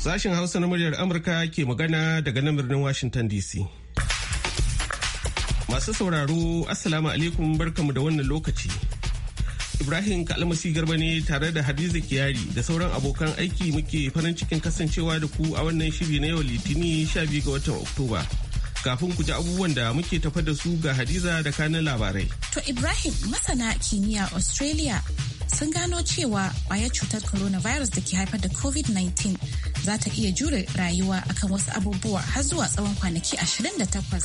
Sashen Hausa na muryar Amurka ke magana daga nan birnin Washington DC. Masu sauraro, Assalamu alaikum barkamu da wannan lokaci. Ibrahim Kalmasi Garba ne tare da Hadiza Kiyari da sauran abokan aiki muke farin cikin kasancewa da ku a wannan shiri na yau Litini 12 ga watan Oktoba. Kafin ku ji abubuwan da muke tafa da su ga Hadiza da kanin labarai. To Ibrahim masana kimiyya Australia sun gano cewa kwayar cutar coronavirus da ke haifar da covid-19 za ta iya jure rayuwa akan wasu abubuwa har zuwa tsawon kwanaki 28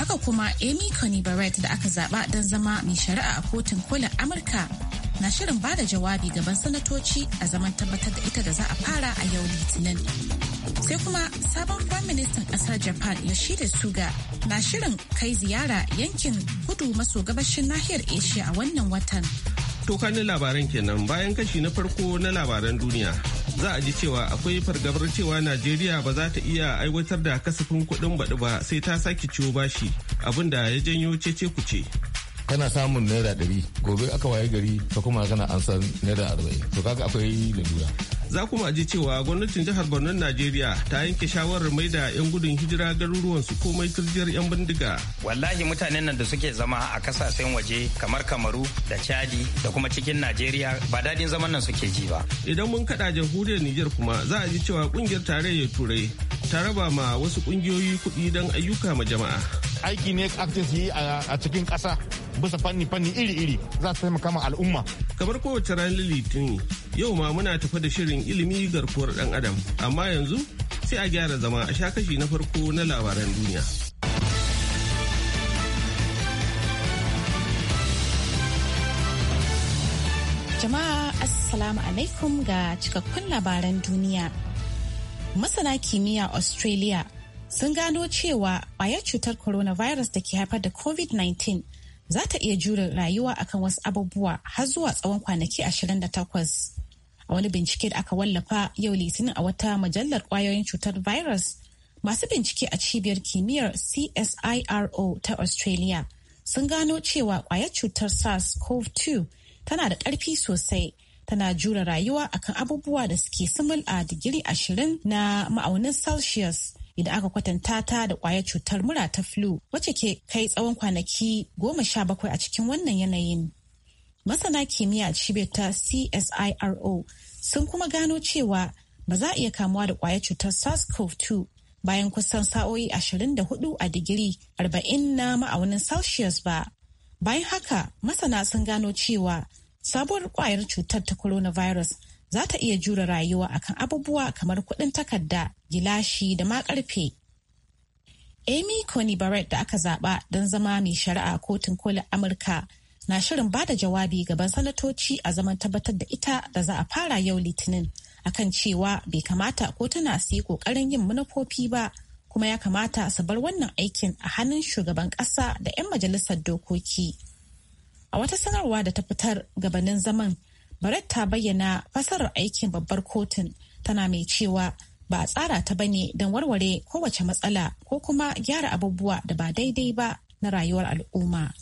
haka kuma amy coney barrett da aka zaba don zama mai shari'a a kotun kolin amurka na shirin ba da jawabi gaban sanatoci a zaman tabbatar da ita da za a fara a yau litinin sai kuma sabon prime minister kasar japan yoshida suga na shirin kai ziyara yankin kudu maso gabashin nahiyar asia a wannan watan Tokanin labaran kenan bayan kashi na farko na labaran duniya. Za a ji cewa akwai fargabar cewa Najeriya ba za ta iya aiwatar da kasafin kuɗin baɗi ba sai ta sake ciwo bashi abin da ya janyo cece ce. kana samun naira ɗari gobe aka waye gari ka kuma kana an san naira arba'in to kaga akwai lalura za kuma ji cewa gwamnatin jihar borno najeriya ta yanke shawarar mai da 'yan gudun hijira garuruwan su komai turjiyar 'yan bindiga wallahi mutanen nan da suke zama a kasashen waje kamar kamaru da chadi da kuma cikin najeriya ba daɗin zaman nan suke ji ba idan mun kada jamhuriyar niger kuma za a ji cewa kungiyar tarayyar turai ta raba ma wasu kungiyoyi kuɗi don ayyuka ma jama'a aiki ne actis yi a cikin ƙasa bisa fanni fanni iri iri za su taimaka ma al'umma kamar kowace ranar litinin Yau ma muna tafa da shirin ilimi garkuwar ɗan adam, amma yanzu sai a gyara zama a sha kashi na farko na labaran duniya. Jama'a Assalamu alaikum ga cikakkun labaran duniya. Masana kimiyya Australia sun gano cewa ƙwayar cutar coronavirus da ke haifar da COVID-19 za ta iya jure rayuwa akan wasu abubuwa har zuwa tsawon kwanaki 28. A wani bincike da aka wallafa yau litinin a wata majallar kwayoyin cutar virus masu bincike a cibiyar kimiyyar CSIRO ta Australia sun gano cewa kwayar cutar SARS-CoV-2 tana da ƙarfi sosai tana jura rayuwa akan abubuwa da suke simul a digiri ashirin na ma'aunin Celsius idan aka kwatanta ta da kwayar cutar mura ta flu wacce ke kai tsawon kwanaki goma sha bakwai a cikin wannan yanayin. masana kimiyya cibiyar ta csiro sun kuma gano cewa ba za a iya kamuwa da kwayar cutar sars-cov-2 bayan kusan sa'o'i 24 a digiri 40 na ma'aunin celsius ba bayan haka masana sun gano cewa sabuwar kwayar cutar ta coronavirus za ta iya jure rayuwa akan abubuwa kamar kuɗin takarda gilashi da ma karfe amy coney barrett da aka zaba don zama mai shari'a kotun kolin amurka na shirin ba da jawabi gaban sanatoci a zaman tabbatar da ita da za a fara yau litinin akan cewa bai kamata ko tana su yi kokarin yin manufofi ba kuma ya kamata su bar wannan aikin a hannun shugaban ƙasa da 'yan majalisar dokoki a wata sanarwa da ta fitar gabanin zaman barat ta bayyana fasarar aikin babbar kotun tana mai cewa ba a tsara ta bane don warware kowace matsala ko kuma gyara abubuwa da ba daidai ba na rayuwar al'umma.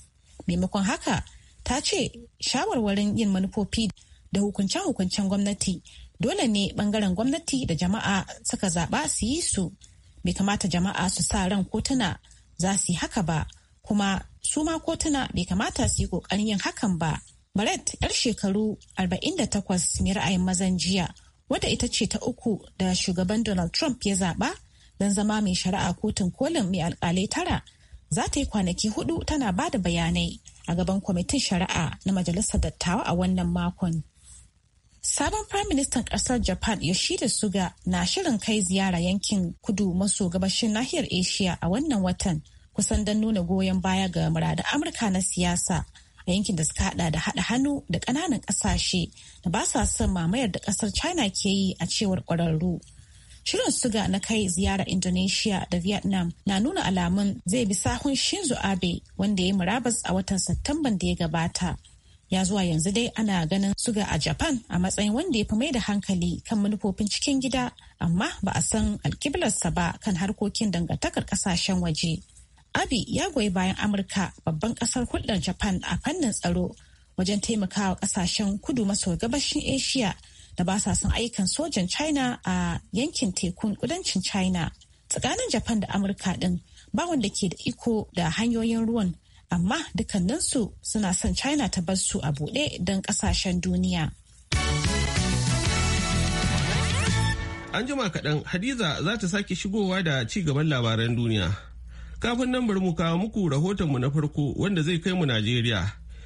maimakon haka ta ce shawarwarin yin manufofi da hukunce-hukuncen gwamnati dole ne bangaren gwamnati da jama'a suka zaɓa su yi su bai kamata jama'a su sa ran kotuna za su yi haka ba kuma su ma kotuna bai kamata su yi ƙoƙarin yin hakan ba Barrett yar shekaru 48 mai ra'ayin mazan jiya wadda ita ce ta uku da shugaban Donald Trump ya zaɓa don zama mai shari'a kotun kolin mai alƙalai tara za ta yi kwanaki hudu tana ba da bayanai a gaban kwamitin shari'a na majalisar dattawa a wannan makon. Sabon Firaministan ƙasar Japan Yoshida Suga na shirin kai ziyara yankin kudu maso gabashin nahiyar Asia a wannan watan kusan don nuna goyon baya ga muradun Amurka na siyasa a yankin da suka hada da hada hannu da ƙananan ƙasashe da ba sa son mamayar da ƙasar China ke yi a cewar ƙwararru. Shirin suga na kai ziyara Indonesia da Vietnam na nuna alamun zai bi sahun Shinzo Abe wanda ya yi murabas a watan Sattamban da ya gabata. Ya zuwa yanzu dai ana ganin suga a Japan a matsayin wanda ya fi mai da hankali kan manufofin cikin gida, amma ba a san alkiblarsa ba kan harkokin dangantakar kasashen waje. Abi ya goyi bayan Amurka babban kasar hulɗar Japan a fannin tsaro wajen taimakawa kasashen kudu maso gabashin Asia da ba sa son aikan sojan China a yankin tekun kudancin China. Tsakanin Japan da Amurka din ba wanda ke da iko da hanyoyin ruwan amma dukkaninsu suna son China ta bar su a buɗe don ƙasashen duniya. An jima kaɗan Hadiza za ta sake shigowa da ci gaban labaran duniya. Kafin nan bari mu kawo muku rahotonmu na farko wanda zai kai mu Najeriya.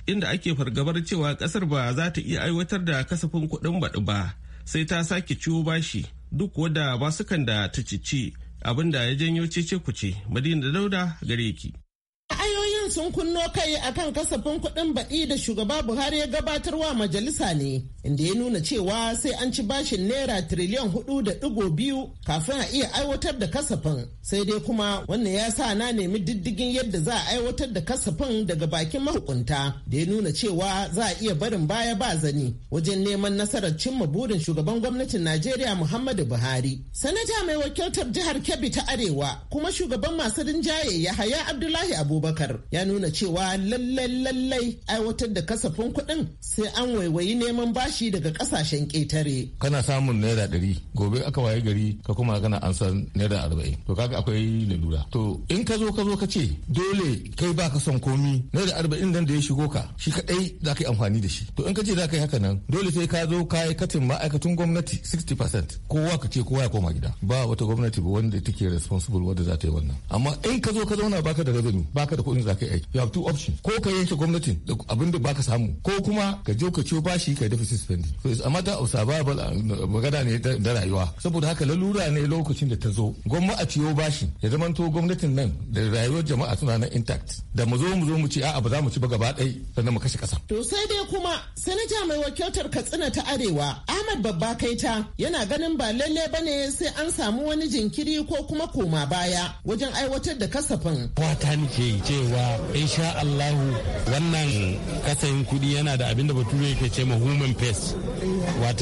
inda ake fargabar cewa kasar ba za ta iya aiwatar da kasafin kuɗin baɗi ba sai ta sake ciwo bashi duk wadda ba basukan da ta cici abinda ya janyo cece kuce madina dauda gare ki Batun sun kunno kai a kan kasafin kuɗin baɗi da shugaba Buhari ya gabatar wa majalisa ne, inda ya nuna cewa sai an ci bashin naira tiriliyan hudu da ɗigo biyu kafin a iya aiwatar da kasafin. Sai dai kuma wannan ya sa na nemi diddigin yadda za a aiwatar da kasafin daga bakin mahukunta, da ya nuna cewa za a iya barin baya ba zani wajen neman nasarar cimma burin shugaban gwamnatin Najeriya Muhammadu Buhari. Sanata mai wakiltar jihar Kebbi ta Arewa kuma shugaban masu rinjaye Yahaya Abdullahi Abubakar ya nuna cewa lallai lallai aiwatar da kasafin kuɗin sai an waiwayi neman bashi daga kasashen ƙetare. Kana samun naira ɗari gobe aka waye gari ka kuma kana an san naira arba'in to kaga akwai lalura. To in ka zo ka zo ka ce dole kai ba ka son komi naira arba'in nan da ya shigo ka shi kaɗai za ka yi amfani da shi. To in ka ce za ka yi haka nan dole sai ka zo ka yi katin ma'aikatan gwamnati 60% kowa ka ce kowa ya koma gida ba wata gwamnati ba wanda take responsible wadda za ta yi wannan. Amma in ka zo ka zauna baka da revenue baka da kuɗin za ka kai aiki you have two options ko ka yanke gwamnatin da abin da baka samu ko kuma ka je ka ciyo bashi ka dafa suspending so it's a matter of survival uh, magana ne da rayuwa saboda haka lalura ne lokacin da ta zo gwamnati a ciyo bashi ya zama to gwamnatin nan da rayuwar jama'a suna nan intact da mu zo mu zo mu ci a'a ba za mu ci ba gaba ɗaya sannan mu kashe ƙasa. to sai dai kuma sanata mai wakiltar katsina ta arewa ahmad babba kaita yana ganin ba lalle ba ne sai an samu wani jinkiri ko kuma koma baya wajen aiwatar da kasafin. wata nake cewa insha Allahu wannan kasayin kudi yana da abinda bature yake ce ma human face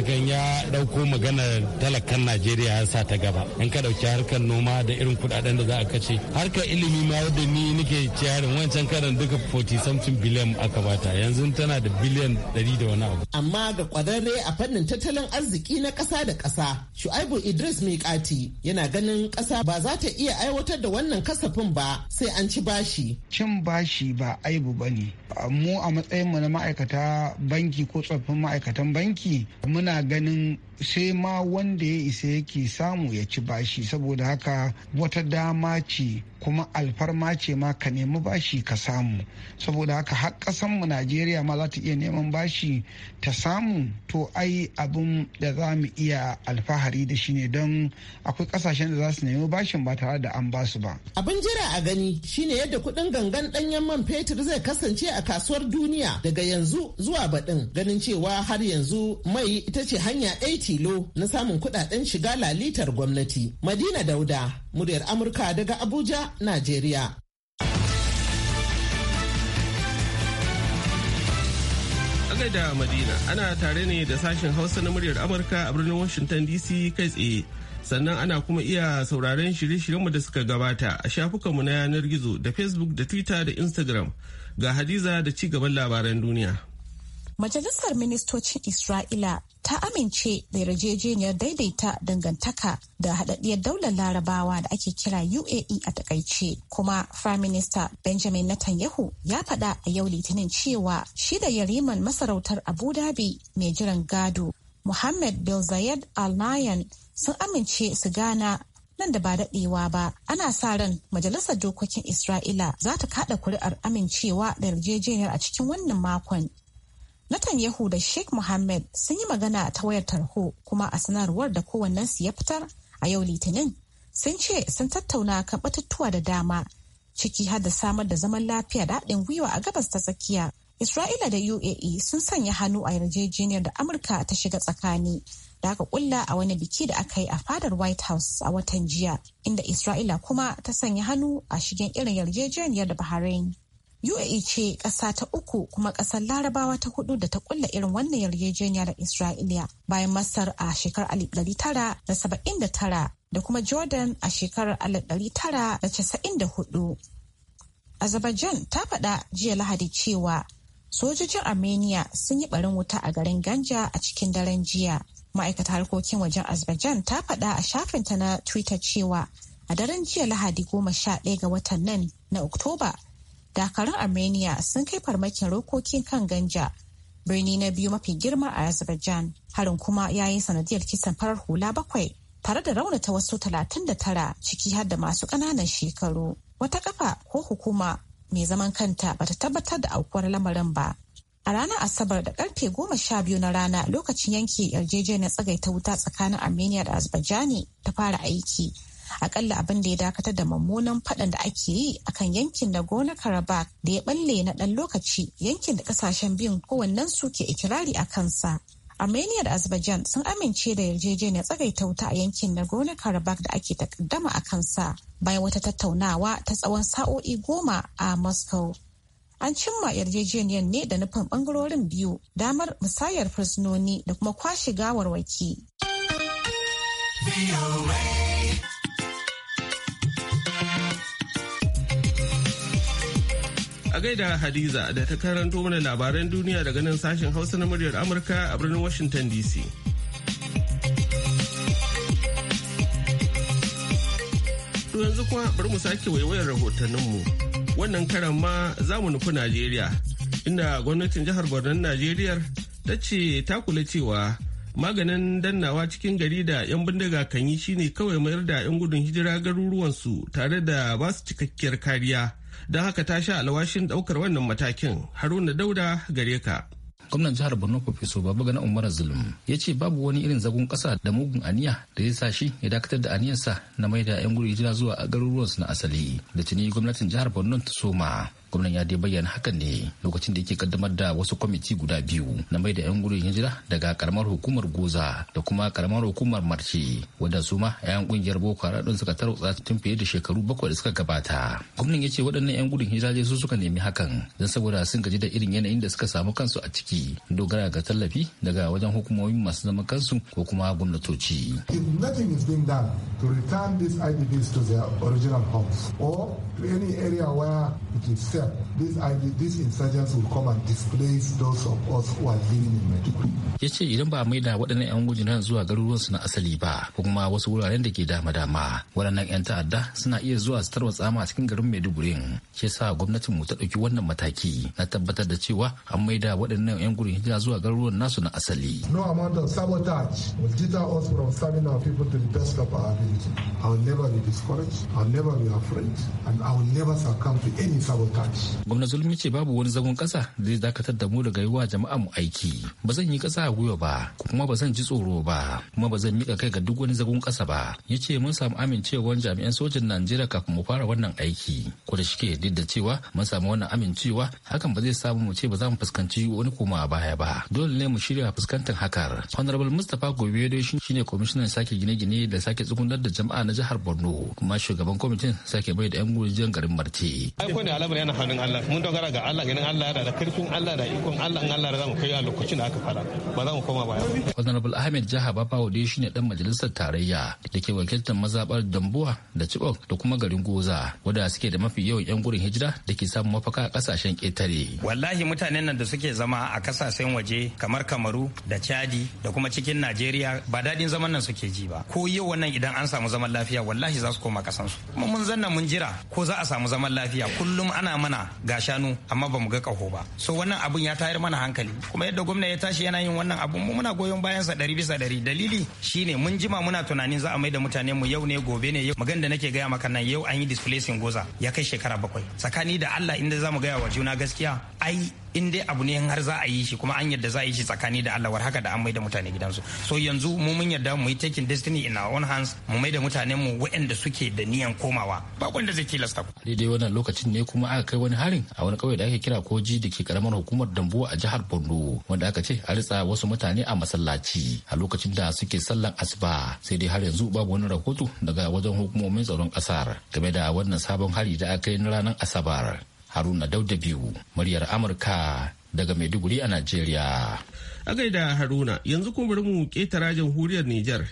kan ya ɗauko maganar talakan Najeriya ya sa ta gaba in ka dauki harkar noma da irin kudaden da za a kace harkar ilimi ma yadda ni nake ciyarin wancan karan duka 40 something billion aka bata yanzu tana da billion 100 da wani abu amma ga kwararre a fannin tattalin arziki na kasa da kasa Shu'aibu Idris kati yana ganin kasa ba za ta iya aiwatar da wannan kasafin ba sai an ci bashi cin bashi ba aibu ba ne mu a matsayin mu na ma'aikata banki ko tsoffin ma'aikatan banki muna ganin sai ma wanda ya isa yake samu ya ci bashi saboda haka wata dama ce kuma alfarma ce ma ka nemi bashi ka samu saboda haka har mu najeriya ma za ta iya neman bashi ta samu to ai abin da za mu iya alfahari da shi ne don akwai ƙasashen da za su nemi bashin ba tare da an ba su ba abin jira a gani shine yadda kuɗin gangan ɗanyen man fetur zai kasance a kasuwar duniya daga yanzu zuwa baɗin ganin cewa har yanzu mai ita ce hanya 80 tilo na samun kudaden shiga lalitar gwamnati. Madina Dauda, muryar Amurka daga Abuja, Najeriya. da Madina ana tare ne da sashen Hausa na muryar Amurka a birnin Washington DC kai tsaye. Sannan ana kuma iya sauraren shirye-shiryenmu da suka gabata a shafukanmu na yanar gizo da Facebook da Twitter da Instagram ga Hadiza da ci gaban labaran duniya. Majalisar Ministocin Isra'ila ta amince da yarjejeniyar daidaita dangantaka da haɗaɗɗiyar daular larabawa da ake kira UAE a takaice. Kuma Prime Minister Benjamin Netanyahu ya faɗa a yau Litinin cewa shi da yariman masarautar Abu Dhabi mai jiran gado Muhammad bin Zayed Al nayan sun amince su gana nan da ba daɗewa ba ana sa ran majalisar dokokin isra'ila za ta kaɗa kuri'ar amincewa da yarjejeniyar a cikin wannan makon Netanyahu da Sheikh Mohammed sun yi magana ta wayar tarho kuma a sanarwar da kowannensu ya fitar a yau Litinin sun ce sun tattauna kan batutuwa da dama ciki har da samar da zaman lafiya da haɗin gwiwa a gabas ta tsakiya. Isra'ila da UAE sun sanya hannu a yarjejeniyar da Amurka ta shiga tsakani da aka kulla a wani biki da aka yi a fadar White House a watan jiya, inda Isra'ila kuma ta sanya hannu a shigen irin yarjejeniyar da Bahrain UAE ce ƙasa ta uku kuma ƙasar larabawa ta hudu da ta kulla irin wannan yarjejeniya da Isra'iliya bayan Masar a shekarar 1979 da kuma Jordan a shekarar 1994. Azerbaijan ta faɗa jiya Lahadi cewa sojojin Armenia sun yi barin wuta a garin Ganja a cikin daren jiya. Ma'aikata harkokin wajen Azerbaijan ta faɗa a shafin ta na Twitter cewa a daren jiya Lahadi goma sha ɗaya ga watan nan na Oktoba dakarun armenia sun kai farmakin rokokin kan ganja birni na biyu mafi girma a azerbaijan harin kuma ya yi sanadiyar kisan farar hula bakwai tare da raunata wasu 39 ciki har da masu ƙananan shekaru wata kafa ko hukuma mai zaman kanta bata tabbatar da aukuwar lamarin ba a ranar asabar da karfe goma sha biyu na rana lokacin yanki yarjejeniyar tsagaita wuta tsakanin armenia da azerbaijani ta fara aiki akalla abin da ya dakatar da mummunan faɗan da ake yi akan yankin da gona karabakh da ya balle na ɗan lokaci yankin da ƙasashen biyun kowannen su ke ikirari a kansa armenia da azerbaijan sun amince da yarjejeniyar tsagaita wuta a yankin na gona karabakh da ake takaddama a kansa bayan wata tattaunawa ta tsawon sa'o'i goma a moscow an cimma yarjejeniyar ne da nufin bangarorin biyu damar musayar fursunoni da kuma kwashe gawarwaki. A gaida Hadiza da ta karanto mana labaran duniya daga nan sashen Hausa na muryar Amurka a birnin Washington DC. To yanzu kuma bari mu sake waiwayar rahotanninmu. Wannan karan ma za mu nufi Najeriya, inda gwamnatin jihar Borno Najeriya ta ce ta kula cewa maganin dannawa cikin gari da 'yan bindiga kan yi shine kawai mayar da 'yan gudun hijira garuruwansu tare da ba su cikakkiyar kariya don haka ta sha alwashin daukar wannan matakin haruna dauda gare ka gwamnan jihar borno babu gana umar zulum ya ce babu wani irin zagon kasa da mugun aniya da ya sa shi ya dakatar da aniyarsa na maida yan guri hijira zuwa garuruwansu na asali da tuni gwamnatin jihar borno ta soma gwamnan ya dai bayyana hakan ne lokacin da yake kaddamar da wasu kwamiti guda biyu na mai da 'yan gudun hijira daga karamar hukumar goza da kuma karamar hukumar marce wadda su ma 'yan kungiyar boko haram suka tarwatsa tun fiye da shekaru bakwai da suka gabata gwamnan ya ce waɗannan 'yan gudun hijira su suka nemi hakan don saboda sun gaji da irin yanayin da suka samu kansu a ciki dogara ga tallafi daga wajen hukumomin masu zaman kansu ko kuma gwamnatoci. If nothing is being done to return these IDPs to their original homes or to any area where it is safe this these, this insurgents will come and displace those of us who are living in Maiduguri. Ya ce idan ba mai da waɗannan 'yan gujiran zuwa garuruwan su na asali ba, kuma wasu wuraren da ke dama-dama, waɗannan 'yan ta'adda suna iya zuwa su tarwa tsama a cikin garin Maiduguri. ke sa gwamnatin mu ta ɗauki wannan mataki na tabbatar da cewa an mai da waɗannan 'yan gurin hijira zuwa garuruwan nasu na asali. No amount of sabotage will deter us from serving our people to the best of our ability. I will never be discouraged, I will never be afraid, and I will never succumb to any sabotage. gwamna zulmi ce babu wani zagon kasa da zai dakatar da mu daga yi wa jama'a mu aiki ba zan yi kasa a gwiwa ba kuma ba zan ji tsoro ba kuma ba zan mika kai ga duk wani zagon kasa ba ya ce mun samu amincewar jami'an sojin najeriya kafin mu fara wannan aiki ko da shike duk da cewa mun samu wannan amincewa hakan ba zai samu mu ce ba za mu fuskanci wani koma a baya ba dole ne mu shirya fuskantar hakar honorable mustapha gobe gobedo shine kwamishinan sake gine-gine da sake tsugunar da jama'a na jihar borno kuma shugaban kwamitin sake bai da yan gurin garin marti hannun Allah mun dogara ga Allah ganin Allah yana da karfin Allah da ikon Allah in Allah za mu kai a lokacin da aka fara ba za mu koma baya Honorable Ahmed Jaha shine dan majalisar tarayya da ke wakiltar mazabar Dambuwa da Chibok da kuma garin Goza wanda suke da mafi yawan yan gurin hijira da ke samun mafaka a kasashen ketare wallahi mutanen nan da suke zama a kasashen waje kamar Kamaru da Chadi da kuma cikin Najeriya ba dadin zaman nan suke ji ba ko yau wannan idan an samu zaman lafiya wallahi za su koma kasansu mun zanna mun jira ko za a samu zaman lafiya kullum ana mana ga shanu amma ba mu ga kaho ba so wannan abun ya tayar mana hankali kuma yadda gwamna ya tashi yana yin wannan abun mu muna goyon bayan sa ɗari bisa ɗari dalili shine mun jima muna tunanin za a mai da mutane mu yau ne gobe ne yau magan da nake gaya maka nan yau an yi displacing goza ya kai shekara bakwai tsakani da Allah inda za mu gaya wa juna gaskiya ai in dai abu ne har za a yi shi kuma an yadda za a yi shi tsakani da Allah war haka da an mai da mutane gidansu so yanzu mu mun yadda mu yi taking destiny in our own hands mu mai da mutanen mu waɗanda suke da niyan komawa ba kwanda zai tilasta ku daidai wannan lokacin ne kuma aka kai wani harin a wani kauye da ake kira Koji da ke karamar hukumar Dambuwa a jihar Borno wanda aka ce a wasu mutane a masallaci a lokacin da suke sallan asuba sai dai har yanzu babu wani rahoto daga wajen hukumomin tsaron kasar game da wannan sabon hari da aka yi na ranar asabar haruna dauda biyu muryar amurka daga maiduguri a najeriya a gaida haruna yanzu kuma bari mu ƙetara jamhuriyar Nijar,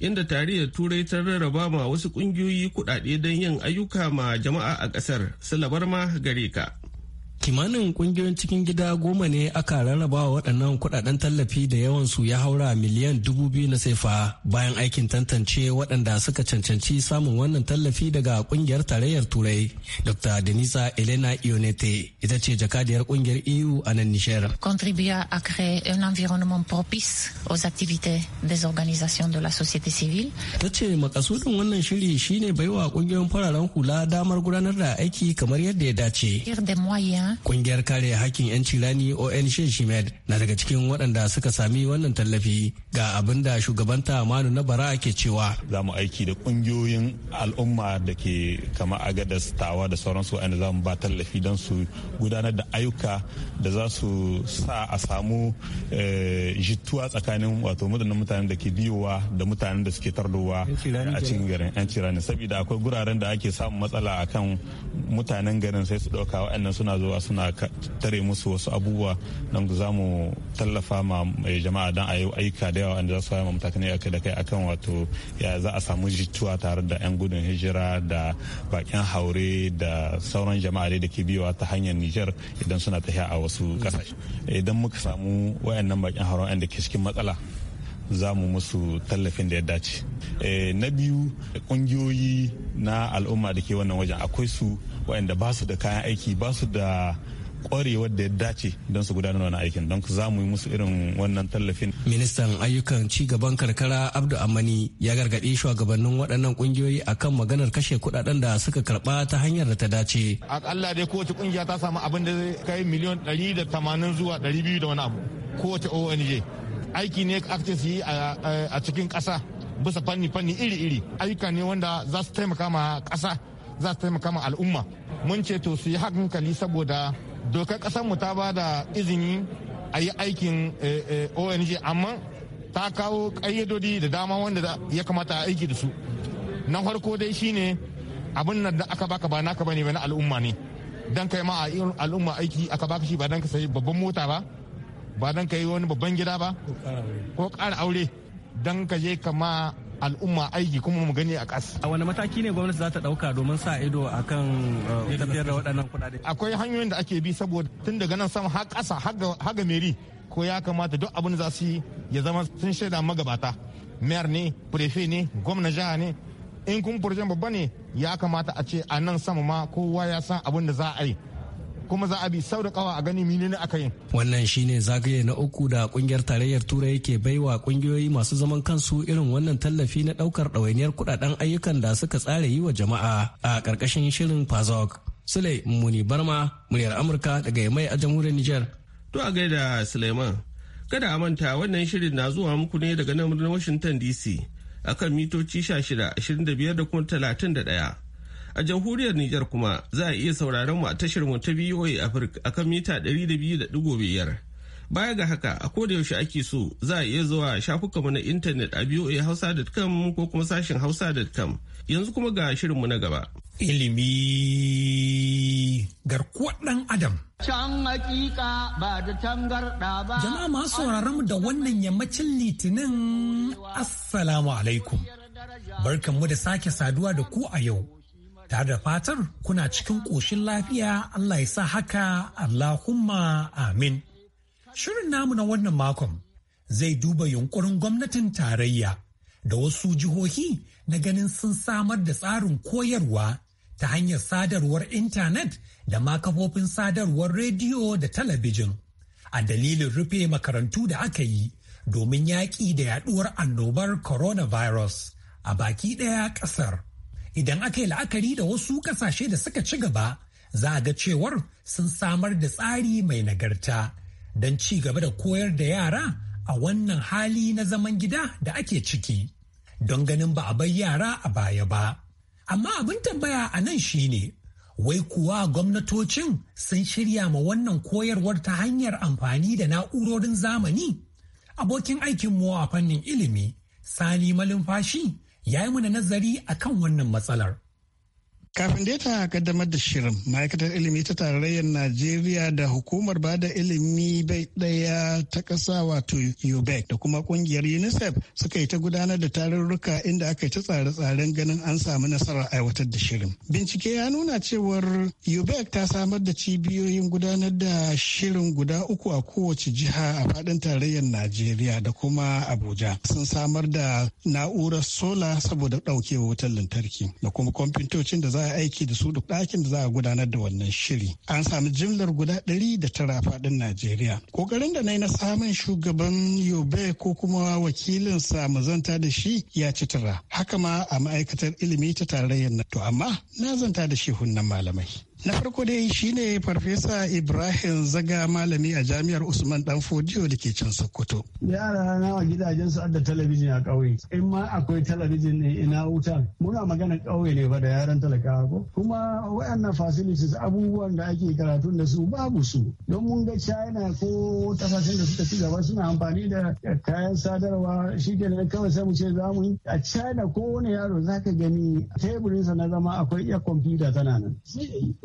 inda tarayyar turai ta rarraba ma wasu ƙungiyoyi kuɗaɗe don yin ayyuka ma jama'a a ƙasar, salabar ma gare ka kimanin kungiyoyin cikin gida goma ne aka rarraba wa waɗannan kuɗaɗen tallafi da yawan su ya haura miliyan dubu biyu na saifa bayan aikin tantance waɗanda suka cancanci samun wannan tallafi daga ƙungiyar tarayyar turai dr denisa elena ionete ita ce jakadiyar ƙungiyar eu a nan nishiyar contribuer à créer un environnement propice aux activités des organisations de la société civile ta ce makasudin wannan shiri shine baiwa kungiyoyin fararen hula damar gudanar da aiki kamar yadda ya dace Kungiyar kare hakkin 'yanci rani ON Shimed na daga cikin waɗanda suka sami wannan tallafi ga abin da shugabanta Manu na bara ke cewa. Za mu aiki da kungiyoyin al'umma da ke kama agadas tawa da sauransu waɗanda za mu ba tallafi don su gudanar da ayyuka da za su sa a samu eh, jituwa tsakanin wato mutanen da ke biyowa da mutanen da suke tardowa a cikin garin 'yanci rani saboda akwai guraren da ake samun matsala akan mutanen garin sai su ɗauka wa'annan suna zuwa suna tare musu wasu abubuwa don za mu tallafa ma eh, jama'a don a yi aika da yawa wanda za su ma da kai akan wato ya za a samu jituwa tare da 'yan gudun hijira da bakin haure da sauran jama'a da ke biyowa ta hanyar nijar idan suna tafiya a wasu kasashe idan muka samu wayannan bakin hauren da ke cikin matsala za mu musu tallafin da ya dace eh, na biyu ƙungiyoyi na al'umma da ke wannan wajen akwai su waɗanda ba su da kayan aiki ba su da kwarewar da ya dace don su gudanar wani aikin don za mu yi musu irin wannan tallafin. Ministan ayyukan ci gaban karkara Abdu Amani ya gargaɗi shugabannin waɗannan ƙungiyoyi akan maganar kashe kuɗaɗen da suka karɓa ta hanyar da ta dace. Akalla dai kowace ƙungiya ta samu abin da kai miliyon ɗari da tamanin zuwa ɗari biyu da wani abu kowace ONG. Aiki ne aka su yi a cikin ƙasa bisa fanni-fanni iri-iri ayyuka ne wanda za su taimaka ma ƙasa za su taimaka ma al'umma mun ce to su yi hankali saboda dokar kasar mu ta ba da izini a yi aikin eh, eh, ong amma ta kawo ƙayyadodi da dama wanda ya kamata a aiki da su na farko dai shine abin nan da aka baka ba naka bane ba na al'umma ne dan kai ma a al'umma aiki aka baka shi ba dan ka sayi babban mota ba ba dan ka yi wani babban gida ba ko ƙara aure dan ka je ka al'umma aiki kuma mu gani a ƙasa. A wani mataki ne gwamnati za ta ɗauka domin sa ido a kan uh, tafiyar da waɗannan kuɗaɗe? Akwai hanyoyin da ake bi saboda tun daga nan sama har ƙasa har ga meri ko ya kamata duk abin za su yi ya zama sun shaida magabata. Mayor ne, prefe ne, gwamna jiha ne, in kun babba ne ya kamata a ce a nan sama ma kowa ya san abin da za a yi. kuma za a bi sau da kawa a gani menene aka yi wannan shine zagaye na uku da kungiyar tarayyar turai ke baiwa kungiyoyi masu zaman kansu irin wannan tallafi na ɗaukar ɗawainiyar kudaden ayyukan da suka tsara yi wa jama'a a ƙarƙashin shirin fazok sule muni barma muryar amurka daga mai a jamhuriyar nijar to a gaida suleiman kada a manta wannan shirin na zuwa muku ne daga nan washington dc akan mitoci 16 25 da kuma 31 A jamhuriyar Nijar kuma za a iya sauraron mu a tashar mu ta VOA Africa kan mita 200.5. Baya ga haka a koda yaushe ake so za a iya zuwa shafukanmu na intanet a voahausa.com ko kuma sashin hausa.com. Yanzu kuma ga shirinmu na gaba. Ilimi garkuwar ɗan Adam. Can hakika ba da tangarɗa ba. Jama'a masu sauraron da wannan yammacin litinin Assalamu alaikum. Barkanmu da sake saduwa da ku a yau. tare da fatar kuna cikin ƙoshin lafiya Allah ya sa haka Allahumma amin. Shirin namu na wannan makon zai duba yunkurin gwamnatin tarayya da wasu jihohi na ganin sun samar da tsarin koyarwa ta hanyar sadarwar intanet da ma kafofin sadarwar rediyo da talabijin a dalilin rufe makarantu da aka yi domin yaƙi da yaɗuwar annobar coronavirus a baki ɗaya ƙasar. Idan aka yi la'akari da wasu kasashe da suka ci gaba, za a ga cewar sun samar da tsari mai nagarta don ci gaba da koyar da yara a wannan hali na zaman gida da ake ciki. Don ganin ba a bar yara a baya ba. Amma abin tambaya a nan shine wai kuwa gwamnatocin sun shirya ma wannan koyarwar ta hanyar amfani da na'urorin zamani? Abokin aikinmu a fannin ilimi, Sani Malumfashi, ya yi mana nazari a kan wannan matsalar. Kafin da ta kaddamar da shirin, ma'aikatar ilimi ta tarayyar Najeriya da hukumar ba da ilimi bai ɗaya ta ƙasa wato UBEC da kuma ƙungiyar UNICEF suka yi ta gudanar da tarurruka inda aka yi ta tsare-tsaren ganin an samu nasarar aiwatar da shirin. Bincike ya nuna cewar UBEC ta samar da cibiyoyin gudanar da shirin guda uku a kowace jiha a faɗin tarayyar Najeriya da kuma Abuja. Sun samar da na'urar sola saboda ɗaukewa wutar lantarki da kuma kwamfutocin da za za aiki da su duk ɗakin da za a gudanar da wannan shiri an sami jimlar guda ɗari da tara faɗin najeriya ƙoƙarin da na yi na samun shugaban yobe ko kuma wakilin wakilinsa zanta da shi ya ci tara haka ma a ma'aikatar ilimi ta tarayyar to amma na zanta da shehun malamai Na farko dai shine Farfesa Ibrahim Zaga malami a jami'ar Usman Dan Fodiyo da ke can Sokoto. Yara na a gidajen su da talabijin a ƙauye. In ma akwai talabijin ne ina wuta Muna magana ƙauye ne ba da yaran talakawa ko. Kuma waɗannan facilities abubuwan da ake karatu da su babu su. Don mun ga China ko kasashen da suka ci gaba suna amfani da kayan sadarwa shi da kawai sai mu ce za mu yi. A China kowane yaro za ka gani teburinsa na zama akwai iya kwamfuta tana nan.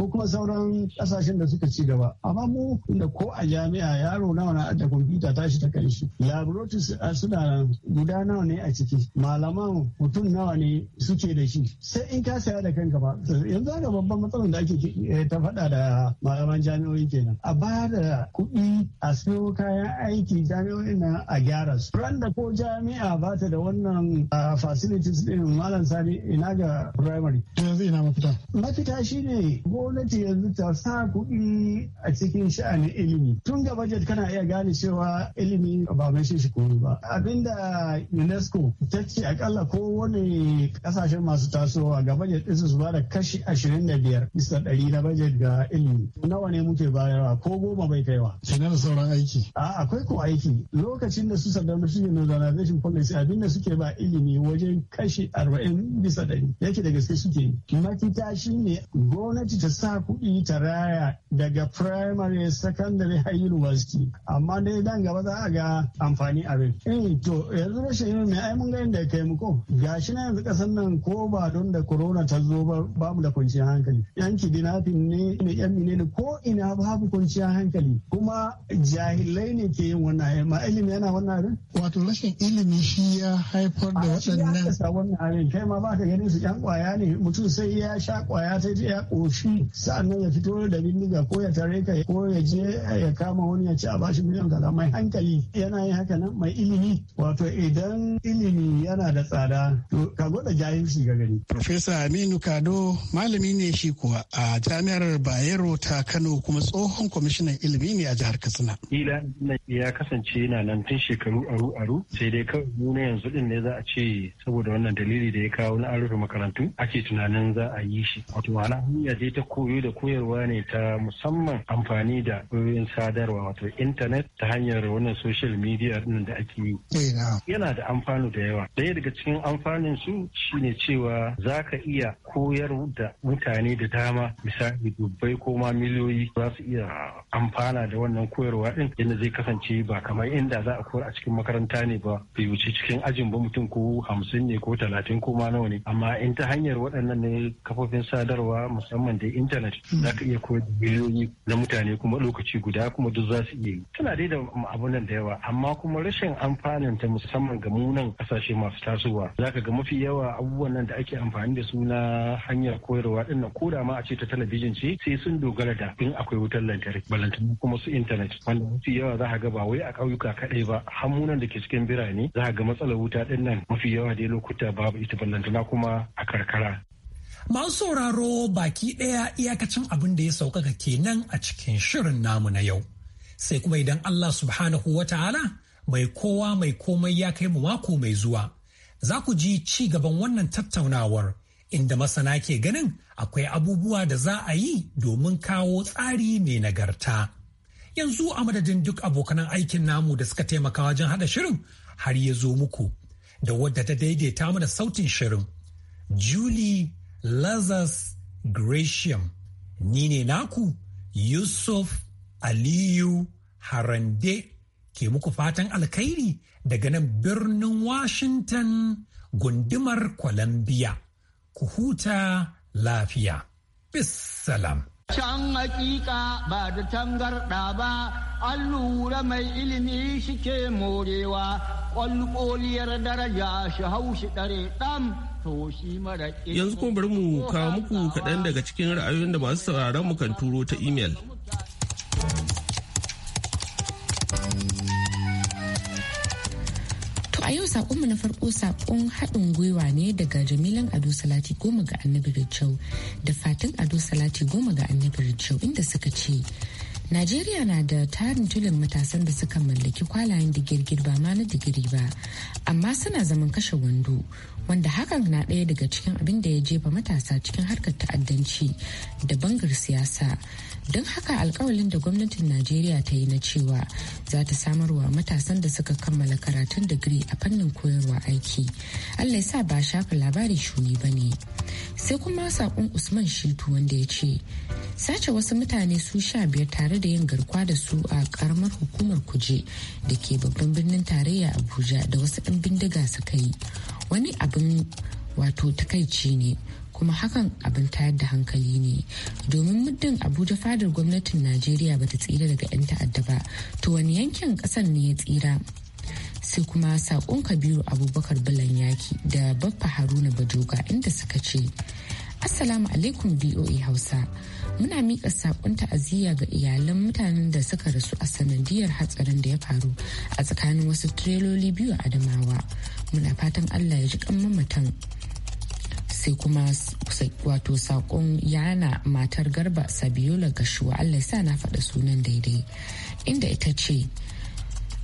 ko kuma sauran kasashen da suka ci gaba amma mu da ko a jami'a yaro nawa na da kwamfuta shi ta kai shi laboratories ah, suna guda nawa ne a ciki malaman mutum nawa ne suke da shi sai in ka saya da kanka ba yanzu babban matsalar da ake eh, ta faɗa da malaman jami'o'i kenan a ba da kuɗi a siyo kayan aiki jami'o'in nan a gyara su ran da ko jami'a ba ta da wannan ah, facilities din malam sani ina ga primary yanzu ina mafita mafita shine gona gwamnati yanzu ta sa kuɗi a cikin sha'anin ilimi tun ga bajet kana iya gane cewa ilimi ba mai shi shi koyo ba abinda unesco ta ce akalla wani kasashen masu tasowa ga bajet ɗinsu su ba da kashi ashirin da biyar bisa ɗari na bajet ga ilimi nawa ne muke bayarwa ko goma bai kaiwa. kenan da sauran aiki. a akwai ko aiki lokacin da su sadamu su modernization policy abinda suke ba ilimi wajen kashi arba'in bisa ɗari yake da gaske suke yi. makita ne gwamnati ta sa kuɗi ta raya daga primary secondary high university amma dai dan gaba za a ga amfani abin eh to yanzu rashin ilimin mai ai mun ga inda kai mu ko gashi na yanzu kasan nan ko ba don da corona ta zo ba babu da kwanciyar hankali yan kidnapping ne ne yan ne ko ina babu kwanciyar hankali kuma jahilai ne ke yin wannan ma ilimi yana wannan abin wato rashin ilimi shi ya haifar da waɗannan wannan abin kai ma ka ganin su yan kwaya ne mutum sai ya sha kwaya ta ya koshi Sannan ya fito da bindiga ko ya tare ka ko ya je ya kama wani ya ci a bashi miliyan kaza mai hankali yana yin haka nan mai ilimi wato idan ilimi yana da tsada to ka gwada jahilci ga gani. Profesa Aminu Kado malami ne shi kuwa a jami'ar Bayero ta Kano kuma tsohon kwamishinan ilimi ne a jihar Katsina. Ila ya kasance na nan tun shekaru aru aru sai dai kawai nuna yanzu din ne za a ce saboda wannan dalili da ya kawo na an rufe makarantu ake tunanin za a yi shi. Wato ana hanya dai ta koyo da koyarwa ne ta musamman amfani da wayoyin sadarwa wato intanet ta hanyar wannan social media din da ake yi. Eh, Yana da amfanu da yawa. Daya daga cikin amfanin su shine cewa za ka iya koyar da mutane da dama misali dubbai ko ma miliyoyi za su iya amfana da wannan koyarwa din yadda zai kasance ba kamar inda za a koyar a cikin makaranta ne ba bai wuce cikin ajin ba mutum ko hamsin ne ko talatin ko ma nawa ne amma in ta hanyar waɗannan ne kafofin sadarwa musamman da in intanet za ka iya koyar da miliyoyi na mutane kuma lokaci guda kuma duk za su iya yi tana dai da nan da yawa amma kuma rashin amfanin ta musamman ga munan kasashe masu tasowa za ka ga mafi yawa abubuwan nan da ake amfani da su na hanyar koyarwa din nan da ma a ce ta talabijin ce sai sun dogara da in akwai wutar lantarki balantana kuma su intanet wanda mafi yawa za ka ga ba wai a ƙauyuka kaɗai ba hamunan da ke cikin birane za ka ga matsalar wuta din nan mafi yawa dai lokuta babu ita ballantana kuma a karkara Masu sauraro baki ɗaya iyakacin abin da ya sauƙaƙa kenan a cikin shirin namu na yau. Sai kuma idan Allah subhanahu wa ta'ala mai kowa mai komai ya kai mu mako mai zuwa. Za ku ji ci gaban wannan tattaunawar inda masana ke ganin akwai abubuwa da za a yi domin kawo tsari mai nagarta. Yanzu a madadin duk abokan aikin namu da suka taimaka wajen haɗa shirin har ya zo muku da wadda ta daidaita mana sautin shirin. Julie Lazarus Gratiam, ni ne naku Yusuf Aliyu Harande ke muku fatan alkhairi daga nan birnin Washington gundumar Columbia. Ku huta lafiya. Bissalam. Can hakika ba da tangarɗa ba, an lura mai ilimi shike morewa ƙwalƙoliyar daraja shi haushi ɗare ɗan to shi mara Yanzu kuma bari mu kawo muku kaɗan daga cikin ra'ayoyin da masu sauraron mu kan turo ta imel. a yau saƙonmu na farko saƙon haɗin gwiwa ne daga jamilan ado salati goma ga annabi da da fatan ado salati goma ga annabi da inda suka ce Najeriya na da tarin tulin matasan da suka mallaki kwalayen digirgir ba ma na digiri ba, amma suna zaman kashe wando, wanda hakan na ɗaya daga cikin abin da ya jefa matasa cikin harkar ta'addanci da bangar siyasa. Don haka alkawalin da gwamnatin Najeriya ta yi na cewa za ta samarwa matasan da suka kammala karatun digiri a fannin koyarwa aiki. Allah ya sa ba shafa labari shuni ba ne. Sai kuma saƙon Usman Shitu wanda ya ce, sace wasu mutane su sha biyar tare tare da yin garkuwa da su a karamar hukumar kuje da ke babban birnin tarayya abuja da wasu 'yan bindiga suka yi wani abin wato takaici ne kuma hakan abin tayar da hankali ne domin muddin abuja fadar gwamnatin najeriya ta tsira daga 'yan ta'adda ba to wani yankin kasan ne ya tsira sai kuma sakon kabiru abubakar bulan yaki da baffa haruna bajoga inda suka ce assalamu alaikum voa hausa muna miƙa saƙon ta'aziyya ga iyalan mutanen da suka rasu a sanadiyar hatsarin da ya faru a tsakanin wasu tireloli biyu a adamawa muna fatan allah ya ji kan mamatan sai kuma wato saƙon yana matar garba sabiola gashuwa allah ya sa na faɗa sunan daidai inda ita ce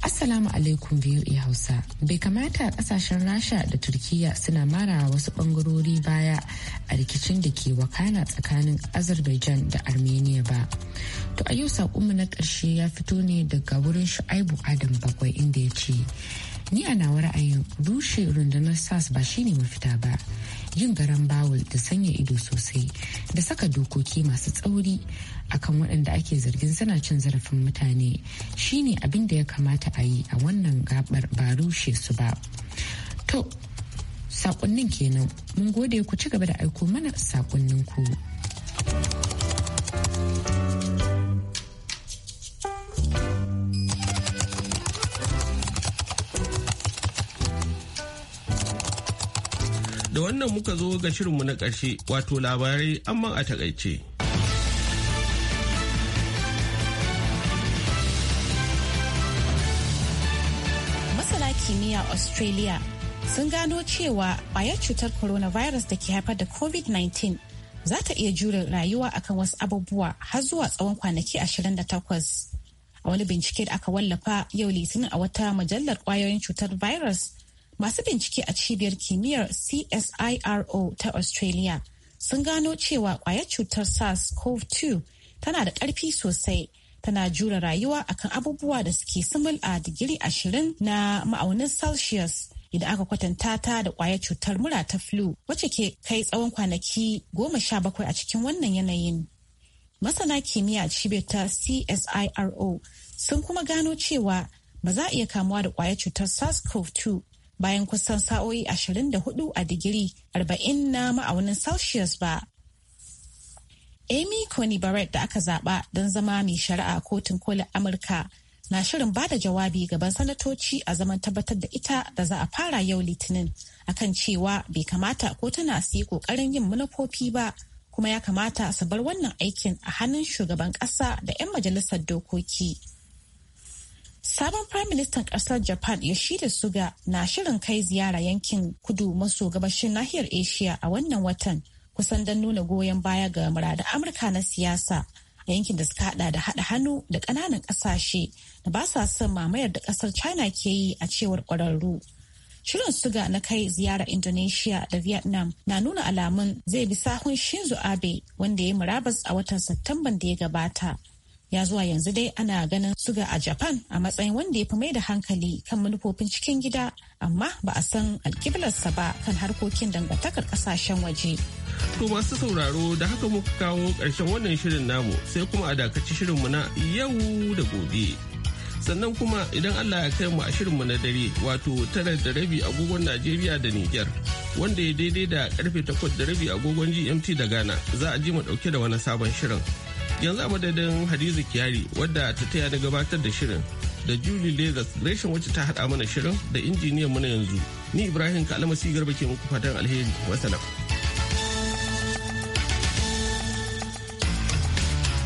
Assalamu alaikum VOA Hausa. Bai kamata kasashen Rasha da Turkiya suna mara wasu bangarori baya a rikicin da ke wakana tsakanin Azerbaijan da Armenia ba. To a yau saƙonmu na ƙarshe ya fito ne daga wurin Shu'aibu Adam bakwai inda ya ce, Ni a nawa ra'ayin rushe rundunar SAS ba shi shine mafita ba. yin garan bawul da sanya ido sosai da saka dokoki masu tsauri akan waɗanda ake zargin suna cin zarafin mutane shine abin da ya kamata a yi a wannan gabar ba rushe su ba to sakonnin kenan mun gode ku ci gaba da aiko mana sakonninku ku nan muka zo ga shirinmu na ƙarshe wato labarai amma a takaice. Masana kimiyya Australia sun gano cewa ƙwayar cutar coronavirus da ke haifar da COVID-19 za ta iya jure rayuwa akan wasu abubuwa har zuwa tsawon kwanaki 28. A wani bincike da aka wallafa yau litinin a wata mujallar kwayoyin cutar virus Masu bincike a cibiyar kimiyyar CSIRO ta Australia sun gano cewa kwayar cutar SARS-CoV-2 tana da ƙarfi sosai. tana jura rayuwa akan abubuwa da suke simul a digiri ashirin na ma'aunin celsius idan aka kwatanta ta da kwayar cutar mura ta flu wacce ke kai tsawon kwanaki goma sha bakwai a cikin wannan yanayin masana kimiyya cibiyar ta csiro sun kuma gano cewa ba za a iya kamuwa da kwayar cutar sars-cov-2 bayan kusan sa'o'i 24 a digiri 40 na ma'aunin celsius ba amy coney barrett da aka zaba don zama mai shari'a kotun kolin amurka na shirin ba da jawabi gaban sanatoci a zaman tabbatar da ita da za a fara yau litinin akan cewa bai kamata ko tana su yi kokarin yin manufofi ba kuma ya kamata su bar wannan aikin a hannun shugaban ƙasa da 'yan majalisar dokoki. Sabon Prime Minister ƙasar Japan Yoshida Suga na shirin kai ziyara yankin kudu maso gabashin nahiyar Asia a wannan watan kusan don nuna goyon baya ga murada Amurka na siyasa a yankin da suka hada da haɗa hannu da ƙananan ƙasashe da ba sa son mamayar da ƙasar China ke yi a cewar ƙwararru. Shirin suga na kai ziyara Indonesia da Vietnam na nuna alamun zai bi sahun Shinzo Abe wanda ya murabas a watan Satumban da ya gabata. ya zuwa yanzu dai ana ganin suga a japan a matsayin wanda ya fi mai da hankali kan manufofin cikin gida amma ba a san alkiblarsa ba kan harkokin dangantakar kasashen waje to masu sauraro da haka muka kawo ƙarshen wannan shirin namu sai kuma a dakaci shirin mu na yau da gobe sannan kuma idan allah ya kai mu a shirin mu na dare wato tara da rabi agogon najeriya da niger wanda ya daidai da karfe takwas da rabi agogon gmt da ghana za a ji mu dauke da wani sabon shirin yanzu a madadin hadiza kiyari wadda ta taya da gabatar da shirin da julie legas reshen wacce ta haɗa mana shirin da injiniyan mana yanzu ni ibrahim kalama garba ke muku fatan alheri wasalam